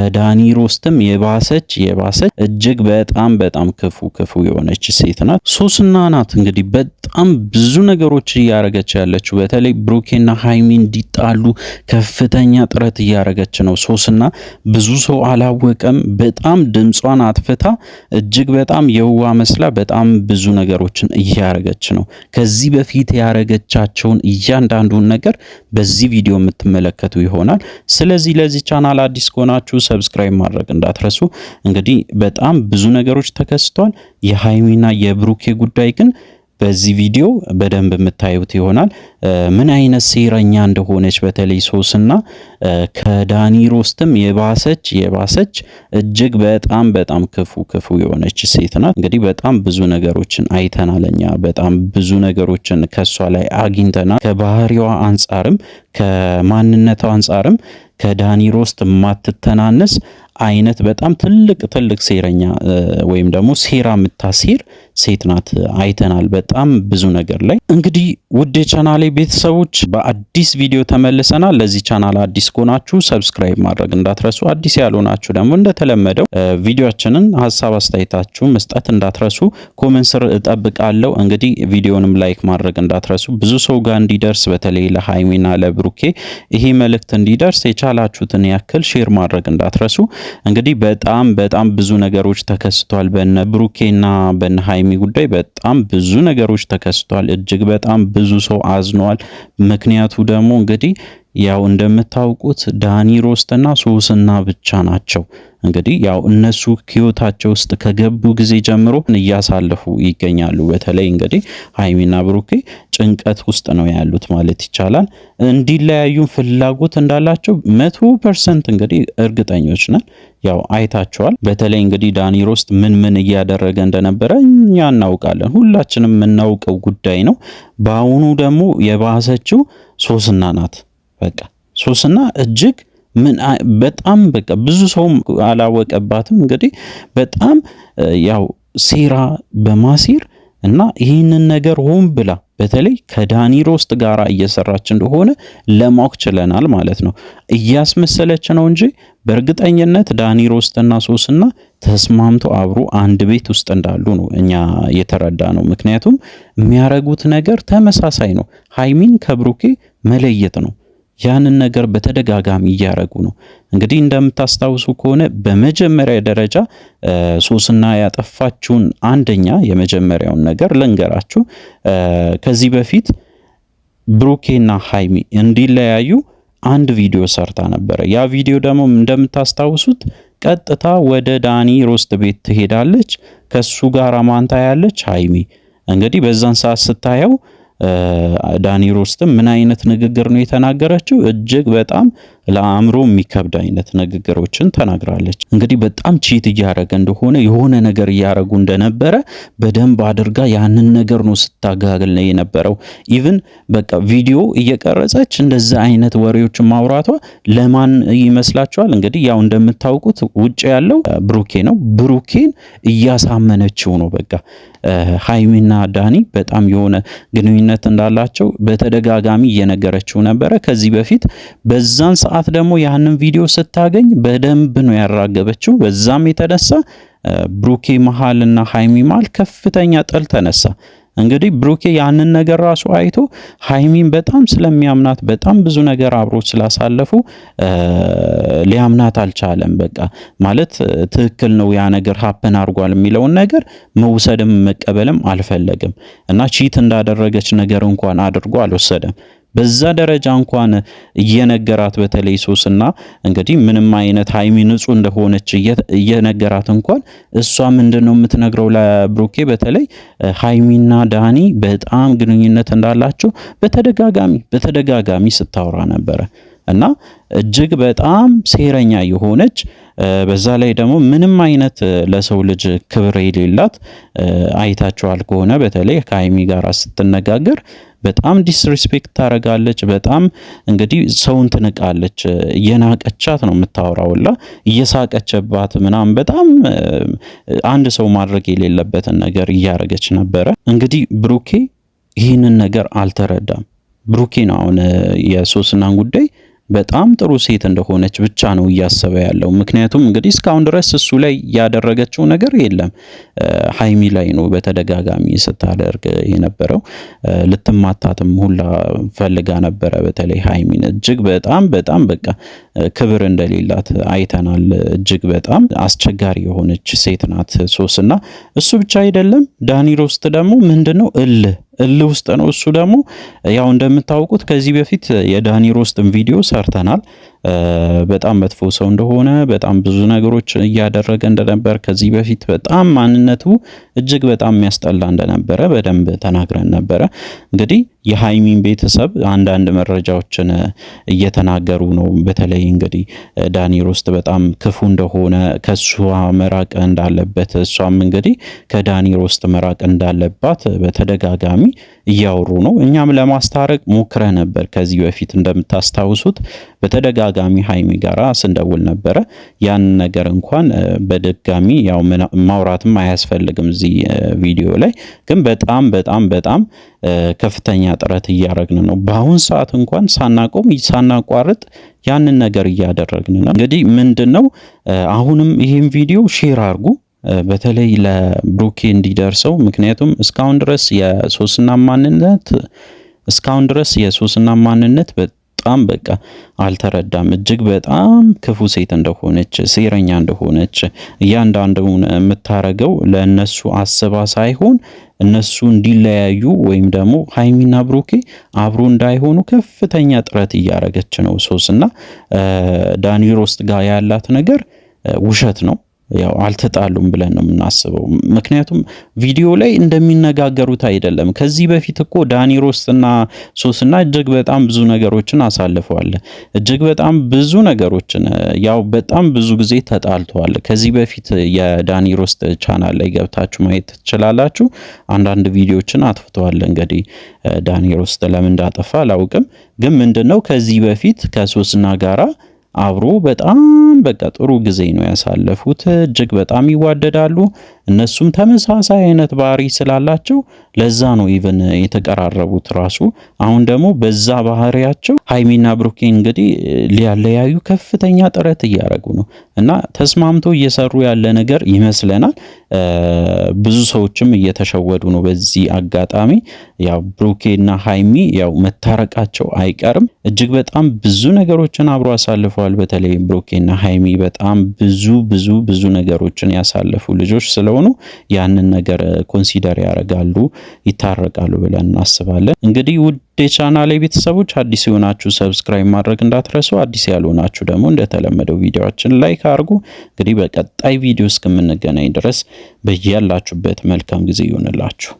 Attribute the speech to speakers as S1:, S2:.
S1: ከዳኒ ሮስትም የባሰች የባሰች እጅግ በጣም በጣም ክፉ ክፉ የሆነች ሴት ናት። ሶስና ናት እንግዲህ በጣም ብዙ ነገሮች እያደረገች ያለችው በተለይ ብሩኬና ሀይሚ እንዲጣሉ ከፍተኛ ጥረት እያደረገች ነው። ሶስና ብዙ ሰው አላወቀም። በጣም ድምጿን አጥፍታ እጅግ በጣም የዋ መስላ በጣም ብዙ ነገሮችን እያደረገች ነው። ከዚህ በፊት ያደረገቻቸውን እያንዳንዱን ነገር በዚህ ቪዲዮ የምትመለከቱ ይሆናል። ስለዚህ ለዚህ ቻናል አዲስ ከሆናችሁ ሰብስክራይብ ማድረግ እንዳትረሱ። እንግዲህ በጣም ብዙ ነገሮች ተከስተዋል። የሀይሚና የብሩኬ ጉዳይ ግን በዚህ ቪዲዮ በደንብ የምታዩት ይሆናል። ምን አይነት ሴረኛ እንደሆነች በተለይ ሶስና ከዳኒ ሮስትም የባሰች የባሰች እጅግ በጣም በጣም ክፉ ክፉ የሆነች ሴት ናት። እንግዲህ በጣም ብዙ ነገሮችን አይተናል። እኛ በጣም ብዙ ነገሮችን ከሷ ላይ አግኝተናል። ከባህሪዋ አንጻርም ከማንነቷ አንጻርም ከዳኒ ሮስት የማትተናነስ አይነት በጣም ትልቅ ትልቅ ሴረኛ ወይም ደግሞ ሴራ የምታሴር ሴት ናት። አይተናል በጣም ብዙ ነገር ላይ። እንግዲህ ውድ የቻናሌ ቤተሰቦች በአዲስ ቪዲዮ ተመልሰናል። ለዚህ ቻናል አዲስ ከሆናችሁ ሰብስክራይብ ማድረግ እንዳትረሱ፣ አዲስ ያልሆናችሁ ደግሞ እንደተለመደው ቪዲዮችንን ሀሳብ አስተያየታችሁ መስጠት እንዳትረሱ። ኮመንት ስር እጠብቃለሁ። እንግዲህ ቪዲዮንም ላይክ ማድረግ እንዳትረሱ፣ ብዙ ሰው ጋር እንዲደርስ በተለይ ለሀይሚና ለብሩኬ ይሄ መልእክት እንዲደርስ የቻላችሁትን ያክል ሼር ማድረግ እንዳትረሱ። እንግዲህ በጣም በጣም ብዙ ነገሮች ተከስቷል። በነ ብሩኬና በነ ሀይሚ ጉዳይ በጣም ብዙ ነገሮች ተከስቷል። እጅግ በጣም ብዙ ሰው አዝኗል። ምክንያቱ ደግሞ እንግዲህ ያው እንደምታውቁት ዳኒ ሮስትና ሶስና ብቻ ናቸው። እንግዲህ ያው እነሱ ህይወታቸው ውስጥ ከገቡ ጊዜ ጀምሮ እያሳለፉ ይገኛሉ። በተለይ እንግዲህ ሀይሚና ብሩኬ ጭንቀት ውስጥ ነው ያሉት ማለት ይቻላል። እንዲለያዩም ፍላጎት እንዳላቸው መቶ ፐርሰንት እንግዲህ እርግጠኞች ነን። ያው አይታቸዋል። በተለይ እንግዲህ ዳኒ ሮስት ምን ምን እያደረገ እንደነበረ እኛ እናውቃለን፣ ሁላችንም የምናውቀው ጉዳይ ነው። በአሁኑ ደግሞ የባሰችው ሶስና ናት። በቃ ሶስና እጅግ ምን በጣም በቃ ብዙ ሰውም አላወቀባትም። እንግዲህ በጣም ያው ሴራ በማሲር እና ይህንን ነገር ሆን ብላ በተለይ ከዳኒ ሮስት ጋር እየሰራች እንደሆነ ለማወቅ ችለናል ማለት ነው። እያስመሰለች ነው እንጂ በእርግጠኝነት ዳኒ ሮስትና ሶስና ተስማምቶ አብሮ አንድ ቤት ውስጥ እንዳሉ ነው እኛ የተረዳ ነው። ምክንያቱም የሚያረጉት ነገር ተመሳሳይ ነው። ሀይሚን ከብሩኬ መለየት ነው ያንን ነገር በተደጋጋሚ እያደረጉ ነው። እንግዲህ እንደምታስታውሱ ከሆነ በመጀመሪያ ደረጃ ሶስና ያጠፋችውን አንደኛ የመጀመሪያውን ነገር ልንገራችሁ። ከዚህ በፊት ብሩኬና ሃይሚ እንዲለያዩ አንድ ቪዲዮ ሰርታ ነበረ። ያ ቪዲዮ ደግሞ እንደምታስታውሱት ቀጥታ ወደ ዳኒ ሮስት ቤት ትሄዳለች። ከሱ ጋር ማንታ ያለች ሃይሚ እንግዲህ በዛን ሰዓት ስታየው ዳኒ ሮስትም ምን አይነት ንግግር ነው የተናገረችው? እጅግ በጣም ለአእምሮ የሚከብድ አይነት ንግግሮችን ተናግራለች። እንግዲህ በጣም ቺት እያደረገ እንደሆነ የሆነ ነገር እያደረጉ እንደነበረ በደንብ አድርጋ ያንን ነገር ነው ስታጋግል ነው የነበረው። ኢቭን በቃ ቪዲዮ እየቀረጸች እንደዛ አይነት ወሬዎችን ማውራቷ ለማን ይመስላችኋል? እንግዲህ ያው እንደምታውቁት ውጭ ያለው ብሩኬ ነው። ብሩኬን እያሳመነችው ነው። በቃ ሀይሚና ዳኒ በጣም የሆነ ግንኙነት እንዳላቸው በተደጋጋሚ እየነገረችው ነበረ ከዚህ በፊት በዛን ሰዓት ደግሞ ያንን ቪዲዮ ስታገኝ በደንብ ነው ያራገበችው። በዛም የተነሳ ብሩኬ መሃል እና ሃይሚ መሃል ከፍተኛ ጥል ተነሳ። እንግዲህ ብሩኬ ያንን ነገር ራሱ አይቶ ሃይሚን በጣም ስለሚያምናት በጣም ብዙ ነገር አብሮ ስላሳለፉ ሊያምናት አልቻለም። በቃ ማለት ትክክል ነው ያ ነገር ሀፕን አድርጓል የሚለውን ነገር መውሰድም መቀበልም አልፈለግም እና ቺት እንዳደረገች ነገር እንኳን አድርጎ አልወሰደም። በዛ ደረጃ እንኳን እየነገራት በተለይ ሶስና እንግዲህ ምንም አይነት ሀይሚ ንጹህ እንደሆነች እየነገራት እንኳን እሷ ምንድን ነው የምትነግረው ለብሩኬ በተለይ ሀይሚና ዳኒ በጣም ግንኙነት እንዳላቸው በተደጋጋሚ በተደጋጋሚ ስታወራ ነበረ። እና እጅግ በጣም ሴረኛ የሆነች በዛ ላይ ደግሞ ምንም አይነት ለሰው ልጅ ክብር የሌላት አይታችኋል ከሆነ በተለይ ከሀይሚ ጋር ስትነጋገር በጣም ዲስሪስፔክት ታደርጋለች። በጣም እንግዲህ ሰውን ትንቃለች። እየናቀቻት ነው የምታወራውላ እየሳቀችባት ምናምን በጣም አንድ ሰው ማድረግ የሌለበትን ነገር እያደረገች ነበረ። እንግዲህ ብሩኬ ይህንን ነገር አልተረዳም። ብሩኬ ነው አሁን የሶስናን ጉዳይ በጣም ጥሩ ሴት እንደሆነች ብቻ ነው እያሰበ ያለው። ምክንያቱም እንግዲህ እስካሁን ድረስ እሱ ላይ ያደረገችው ነገር የለም። ሀይሚ ላይ ነው በተደጋጋሚ ስታደርግ የነበረው። ልትማታትም ሁላ ፈልጋ ነበረ። በተለይ ሀይሚን እጅግ በጣም በጣም በቃ ክብር እንደሌላት አይተናል። እጅግ በጣም አስቸጋሪ የሆነች ሴት ናት ሶስና። እሱ ብቻ አይደለም ዳኒ ሮስት ደግሞ ምንድን ነው እልህ እል ውስጥ ነው። እሱ ደግሞ ያው እንደምታውቁት ከዚህ በፊት የዳኒ ሮስትን ቪዲዮ ሰርተናል። በጣም መጥፎ ሰው እንደሆነ በጣም ብዙ ነገሮች እያደረገ እንደነበር ከዚህ በፊት በጣም ማንነቱ እጅግ በጣም የሚያስጠላ እንደነበረ በደንብ ተናግረን ነበረ። እንግዲህ የሀይሚን ቤተሰብ አንዳንድ መረጃዎችን እየተናገሩ ነው። በተለይ እንግዲህ ዳኒ ሮስት በጣም ክፉ እንደሆነ፣ ከእሷ መራቅ እንዳለበት፣ እሷም እንግዲህ ከዳኒ ሮስት መራቅ እንዳለባት በተደጋጋሚ እያወሩ ነው። እኛም ለማስታረቅ ሞክረህ ነበር። ከዚህ በፊት እንደምታስታውሱት በተደጋጋሚ ሀይሚ ጋራ ስንደውል ነበረ። ያን ነገር እንኳን በድጋሚ ያው ማውራትም አያስፈልግም እዚህ ቪዲዮ ላይ ግን በጣም በጣም በጣም ከፍተኛ ጥረት እያደረግን ነው። በአሁን ሰዓት እንኳን ሳናቆም ሳናቋርጥ ያንን ነገር እያደረግን ነው። እንግዲህ ምንድን ነው አሁንም ይህን ቪዲዮ ሼር አድርጉ። በተለይ ለብሩኬ እንዲደርሰው ምክንያቱም እስካሁን ድረስ የሶስና ማንነት እስካሁን ድረስ የሶስና ማንነት በጣም በቃ አልተረዳም። እጅግ በጣም ክፉ ሴት እንደሆነች፣ ሴረኛ እንደሆነች እያንዳንዱን የምታረገው ለእነሱ አስባ ሳይሆን እነሱ እንዲለያዩ ወይም ደግሞ ሀይሚና ብሩኬ አብሮ እንዳይሆኑ ከፍተኛ ጥረት እያረገች ነው። ሶስና ዳኒ ሮስት ጋር ያላት ነገር ውሸት ነው። ያው አልተጣሉም ብለን ነው የምናስበው። ምክንያቱም ቪዲዮ ላይ እንደሚነጋገሩት አይደለም። ከዚህ በፊት እኮ ዳኒ ሮስትና ሶስና እጅግ በጣም ብዙ ነገሮችን አሳልፈዋል። እጅግ በጣም ብዙ ነገሮችን ያው በጣም ብዙ ጊዜ ተጣልተዋል። ከዚህ በፊት የዳኒ ሮስት ቻናል ላይ ገብታችሁ ማየት ትችላላችሁ። አንዳንድ ቪዲዮችን አጥፍተዋል። እንግዲህ ዳኒ ሮስት ለምን እንዳጠፋ አላውቅም፣ ግን ምንድን ነው ከዚህ በፊት ከሶስና ጋራ አብሮ በጣም በቃ ጥሩ ጊዜ ነው ያሳለፉት። እጅግ በጣም ይዋደዳሉ። እነሱም ተመሳሳይ አይነት ባህሪ ስላላቸው ለዛ ነው ኢቨን የተቀራረቡት ራሱ። አሁን ደግሞ በዛ ባህሪያቸው ሀይሚና ብሩኬ እንግዲህ ሊያለያዩ ከፍተኛ ጥረት እያደረጉ ነው እና ተስማምቶ እየሰሩ ያለ ነገር ይመስለናል። ብዙ ሰዎችም እየተሸወዱ ነው በዚህ አጋጣሚ። ያው ብሩኬና ሀይሚ ያው መታረቃቸው አይቀርም። እጅግ በጣም ብዙ ነገሮችን አብሮ አሳልፈዋል። በተለይም ብሩኬና ሀይሚ በጣም ብዙ ብዙ ብዙ ነገሮችን ያሳለፉ ልጆች ስለሆነ ስለሆኑ ያንን ነገር ኮንሲደር uh, ያደርጋሉ፣ ይታረቃሉ ብለን እናስባለን። እንግዲህ ውድ የቻናሌ ቤተሰቦች አዲስ የሆናችሁ ሰብስክራይብ ማድረግ እንዳትረሱ፣ አዲስ ያልሆናችሁ ደግሞ እንደተለመደው ቪዲዮችን ላይክ አድርጉ። እንግዲህ በቀጣይ ቪዲዮ እስከምንገናኝ ድረስ በያላችሁበት መልካም ጊዜ ይሆንላችሁ።